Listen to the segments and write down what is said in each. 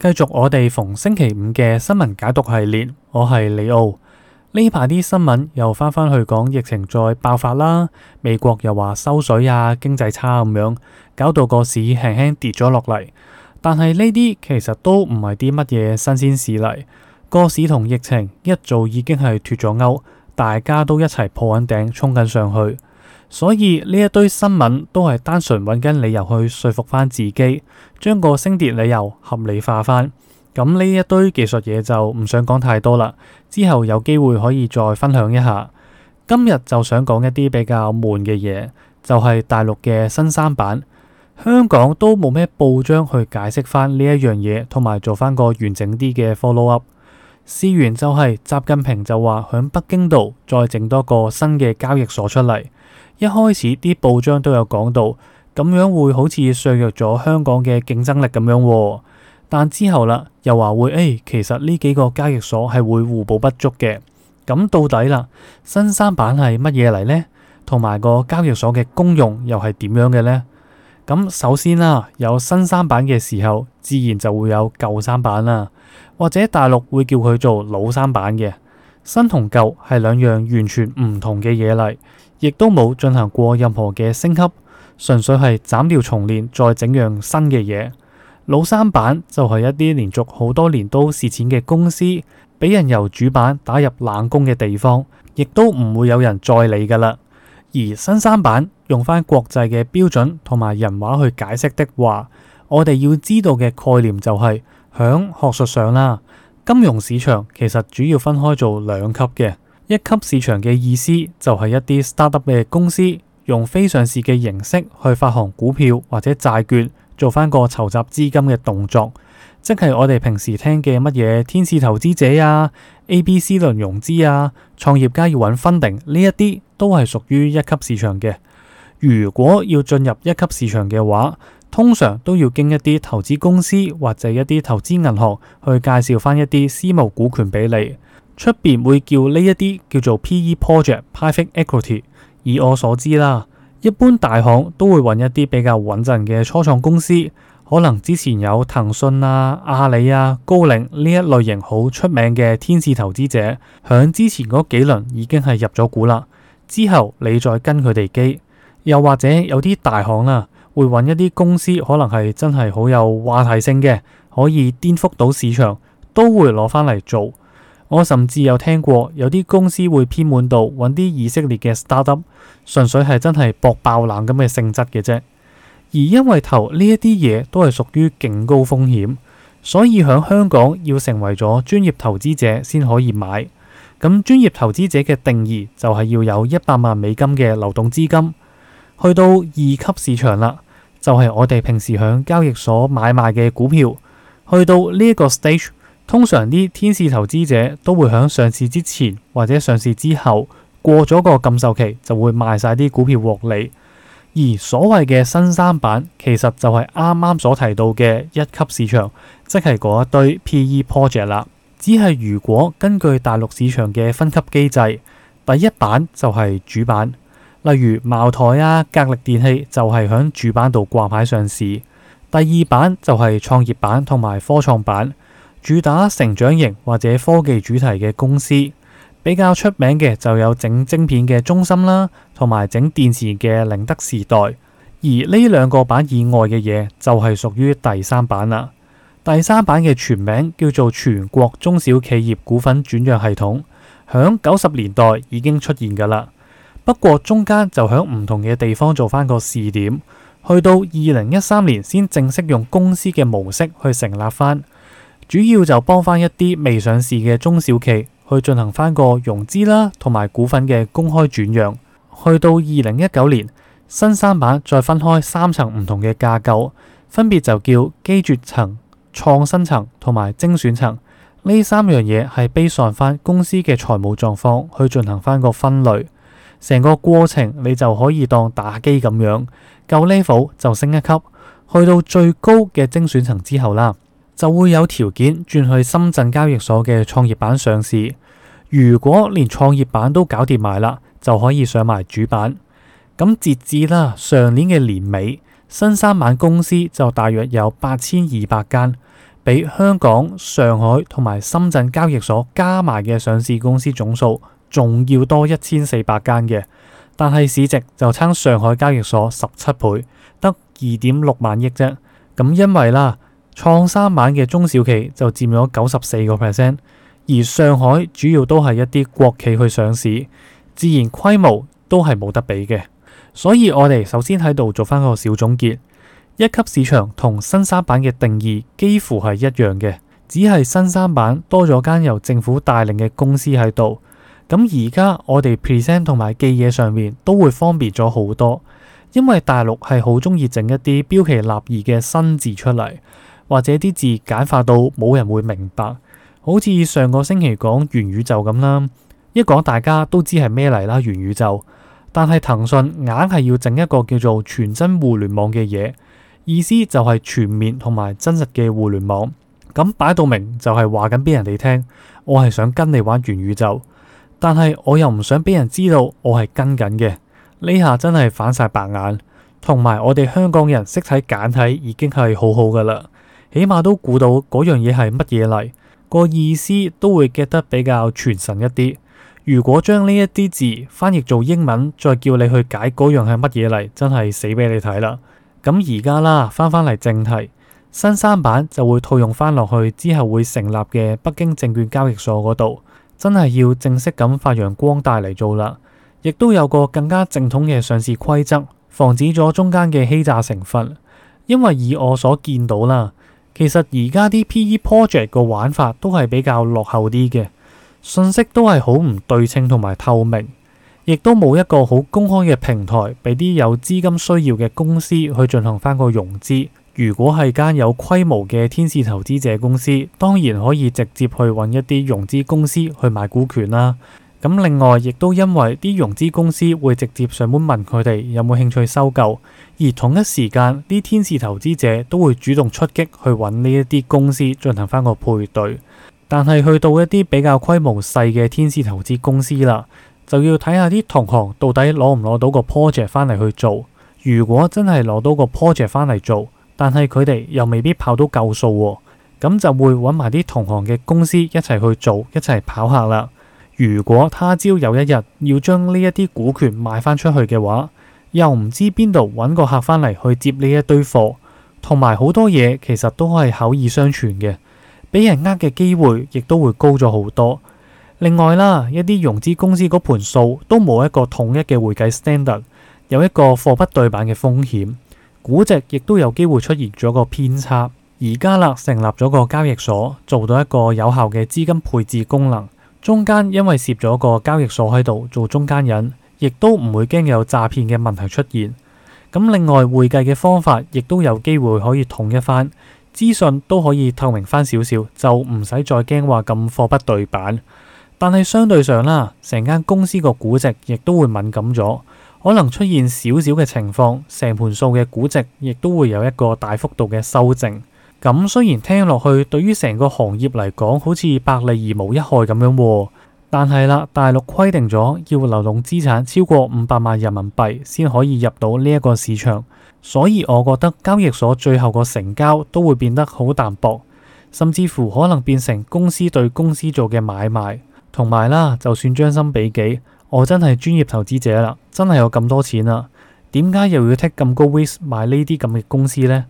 繼續我哋逢星期五嘅新聞解讀系列，我係李奧。呢排啲新聞又翻返去講疫情再爆發啦，美國又話收水啊，經濟差咁樣，搞到個市輕輕跌咗落嚟。但係呢啲其實都唔係啲乜嘢新鮮事嚟，個市同疫情一早已經係脫咗鈎，大家都一齊破緊頂衝緊上去。所以呢一堆新聞都係單純揾緊理由去説服翻自己，將個升跌理由合理化翻。咁呢一堆技術嘢就唔想講太多啦。之後有機會可以再分享一下。今日就想講一啲比較悶嘅嘢，就係大陸嘅新三板。香港都冇咩報章去解釋翻呢一樣嘢，同埋做翻個完整啲嘅 follow up。思源就係習近平就話響北京度再整多個新嘅交易所出嚟。一開始啲報章都有講到，咁樣會好似削弱咗香港嘅競爭力咁樣喎。但之後啦，又話會，誒、哎，其實呢幾個交易所係會互補不足嘅。咁到底啦，新三板係乜嘢嚟呢？同埋個交易所嘅功用又係點樣嘅呢？咁首先啦、啊，有新三板嘅時候，自然就會有舊三板啦，或者大陸會叫佢做老三板嘅。新同舊係兩樣完全唔同嘅嘢嚟，亦都冇進行過任何嘅升級，純粹係斬掉重練，再整樣新嘅嘢。老三板就係一啲連續好多年都蝕錢嘅公司，俾人由主板打入冷宮嘅地方，亦都唔會有人再理噶啦。而新三板用翻國際嘅標準同埋人話去解釋的話，我哋要知道嘅概念就係、是、響學術上啦。金融市場其實主要分開做兩級嘅，一級市場嘅意思就係一啲 startup 嘅公司用非上市嘅形式去發行股票或者債券，做翻個籌集資金嘅動作，即係我哋平時聽嘅乜嘢天使投資者啊、ABC 輪融資啊、創業家要搵 funding 呢一啲都係屬於一級市場嘅。如果要進入一級市場嘅話，通常都要經一啲投資公司或者一啲投資銀行去介紹翻一啲私募股權俾你，出邊會叫呢一啲叫做 PE project private equity。以我所知啦，一般大行都會揾一啲比較穩陣嘅初創公司，可能之前有騰訊啊、阿里啊、高瓴呢一類型好出名嘅天使投資者，響之前嗰幾輪已經係入咗股啦。之後你再跟佢哋機，又或者有啲大行啦。會搵一啲公司，可能係真係好有話題性嘅，可以顛覆到市場，都會攞翻嚟做。我甚至有聽過有啲公司會偏滿到搵啲以色列嘅 startup，純粹係真係搏爆冷咁嘅性質嘅啫。而因為投呢一啲嘢都係屬於勁高風險，所以響香港要成為咗專業投資者先可以買。咁專業投資者嘅定義就係要有一百萬美金嘅流動資金。去到二級市場啦，就係我哋平時響交易所買賣嘅股票。去到呢一個 stage，通常啲天使投資者都會響上市之前或者上市之後過咗個禁售期，就會賣晒啲股票獲利。而所謂嘅新三板，其實就係啱啱所提到嘅一級市場，即係嗰一堆 PE project 啦。只係如果根據大陸市場嘅分級機制，第一板就係主板。例如茅台啊、格力電器就係響主板度掛牌上市，第二板就係創業板同埋科創板，主打成長型或者科技主題嘅公司。比較出名嘅就有整晶片嘅中芯啦、啊，同埋整電池嘅寧德時代。而呢兩個板以外嘅嘢就係屬於第三板啦。第三板嘅全名叫做全國中小企業股份轉讓系統，響九十年代已經出現噶啦。不過中間就響唔同嘅地方做翻個試點，去到二零一三年先正式用公司嘅模式去成立翻，主要就幫翻一啲未上市嘅中小企去進行翻個融資啦，同埋股份嘅公開轉讓。去到二零一九年，新三板再分開三層唔同嘅架構，分別就叫基礎層、創新層同埋精選層。呢三樣嘢係悲上翻公司嘅財務狀況去進行翻個分類。成個過程你就可以當打機咁樣，夠 level 就升一級，去到最高嘅精選層之後啦，就會有條件轉去深圳交易所嘅創業板上市。如果連創業板都搞掂埋啦，就可以上埋主板。咁、嗯、截至啦上年嘅年尾，新三板公司就大約有八千二百間，比香港、上海同埋深圳交易所加埋嘅上市公司總數，仲要多一千四百間嘅，但係市值就差上海交易所十七倍，得二點六萬億啫。咁因為啦，創三板嘅中小企就佔咗九十四個 percent，而上海主要都係一啲國企去上市，自然規模都係冇得比嘅。所以我哋首先喺度做翻個小總結，一級市場同新三板嘅定義幾乎係一樣嘅，只係新三板多咗間由政府帶領嘅公司喺度。咁而家我哋 present 同埋記嘢上面都會方便咗好多，因為大陸係好中意整一啲標奇立異嘅新字出嚟，或者啲字簡化到冇人會明白。好似上個星期講元宇宙咁啦，一講大家都知係咩嚟啦。元宇宙，但係騰訊硬係要整一個叫做全真互聯網嘅嘢，意思就係全面同埋真實嘅互聯網。咁擺到明就係話緊，俾人哋聽我係想跟你玩元宇宙。但係我又唔想俾人知道我係跟緊嘅，呢下真係反晒白眼，同埋我哋香港人識睇簡體已經係好好噶啦，起碼都估到嗰樣嘢係乜嘢嚟，個意思都會 get 得比較全神一啲。如果將呢一啲字翻譯做英文，再叫你去解嗰樣係乜嘢嚟，真係死俾你睇啦。咁而家啦，翻返嚟正題，新三板就會套用翻落去之後會成立嘅北京證券交易所嗰度。真係要正式咁發揚光大嚟做啦，亦都有個更加正統嘅上市規則，防止咗中間嘅欺詐成分。因為以我所見到啦，其實而家啲 PE project 個玩法都係比較落後啲嘅，信息都係好唔對稱同埋透明，亦都冇一個好公開嘅平台俾啲有資金需要嘅公司去進行翻個融資。如果係間有規模嘅天使投資者公司，當然可以直接去揾一啲融資公司去買股權啦。咁另外，亦都因為啲融資公司會直接上門問佢哋有冇興趣收購，而同一時間啲天使投資者都會主動出擊去揾呢一啲公司進行翻個配對。但係去到一啲比較規模細嘅天使投資公司啦，就要睇下啲同行到底攞唔攞到個 project 翻嚟去做。如果真係攞到個 project 翻嚟做，但係佢哋又未必跑到夠數喎，咁就會揾埋啲同行嘅公司一齊去做，一齊跑客啦。如果他朝有一日要將呢一啲股權賣翻出去嘅話，又唔知邊度揾個客翻嚟去接呢一堆貨，同埋好多嘢其實都係口耳相傳嘅，俾人呃嘅機會亦都會高咗好多。另外啦，一啲融資公司嗰盤數都冇一個統一嘅會計 standard，有一個貨不對版嘅風險。估值亦都有機會出現咗個偏差。而家啦，成立咗個交易所，做到一個有效嘅資金配置功能，中間因為攝咗個交易所喺度做中間人，亦都唔會驚有詐騙嘅問題出現。咁另外會計嘅方法亦都有機會可以統一翻，資訊都可以透明翻少少，就唔使再驚話咁貨不對板。但係相對上啦，成間公司個估值亦都會敏感咗。可能出現少少嘅情況，成盤數嘅估值亦都會有一個大幅度嘅修正。咁雖然聽落去對於成個行業嚟講好似百利而無一害咁樣，但係啦，大陸規定咗要流動資產超過五百萬人民幣先可以入到呢一個市場，所以我覺得交易所最後個成交都會變得好淡薄，甚至乎可能變成公司對公司做嘅買賣，同埋啦，就算將心比己。我真係專業投資者啦，真係有咁多錢啦，點解又要 take 咁高 risk 買呢啲咁嘅公司呢？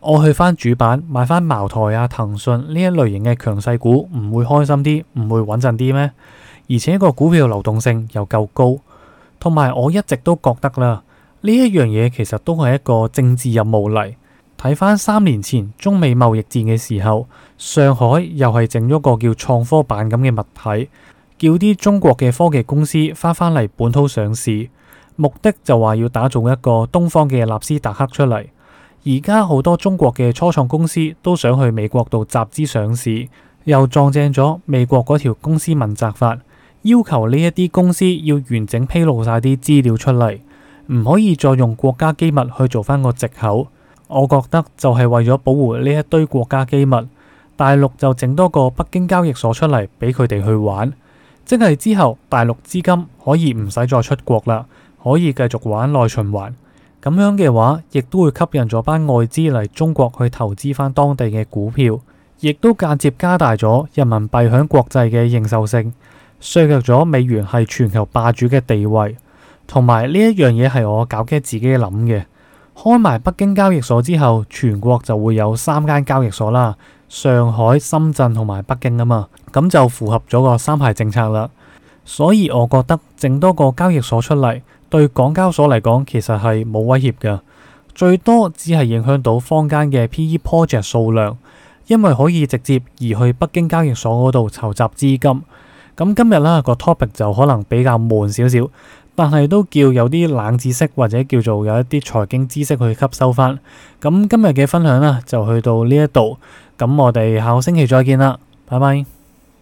我去翻主板買翻茅台啊、騰訊呢一類型嘅強勢股，唔會開心啲，唔會穩陣啲咩？而且個股票流動性又夠高，同埋我一直都覺得啦，呢一樣嘢其實都係一個政治任務嚟。睇翻三年前中美貿易戰嘅時候，上海又係整咗個叫創科板咁嘅物體。叫啲中國嘅科技公司返返嚟本土上市，目的就話要打造一個東方嘅納斯達克出嚟。而家好多中國嘅初創公司都想去美國度集資上市，又撞正咗美國嗰條公司問責法，要求呢一啲公司要完整披露晒啲資料出嚟，唔可以再用國家機密去做翻個借口。我覺得就係為咗保護呢一堆國家機密，大陸就整多個北京交易所出嚟俾佢哋去玩。即係之後，大陸資金可以唔使再出國啦，可以繼續玩內循環。咁樣嘅話，亦都會吸引咗班外資嚟中國去投資翻當地嘅股票，亦都間接加大咗人民幣響國際嘅認受性，削弱咗美元係全球霸主嘅地位。同埋呢一樣嘢係我搞嘅自己諗嘅，開埋北京交易所之後，全國就會有三間交易所啦。上海、深圳同埋北京啊嘛，咁就符合咗個三牌政策啦。所以我覺得整多個交易所出嚟，對港交所嚟講其實係冇威脅噶，最多只係影響到坊間嘅 PE Project 數量，因為可以直接移去北京交易所嗰度籌集資金。咁今日啦，個 topic 就可能比較悶少少，但係都叫有啲冷知識或者叫做有一啲財經知識去吸收翻。咁今日嘅分享呢，就去到呢一度。咁我哋下個星期再見啦，拜拜。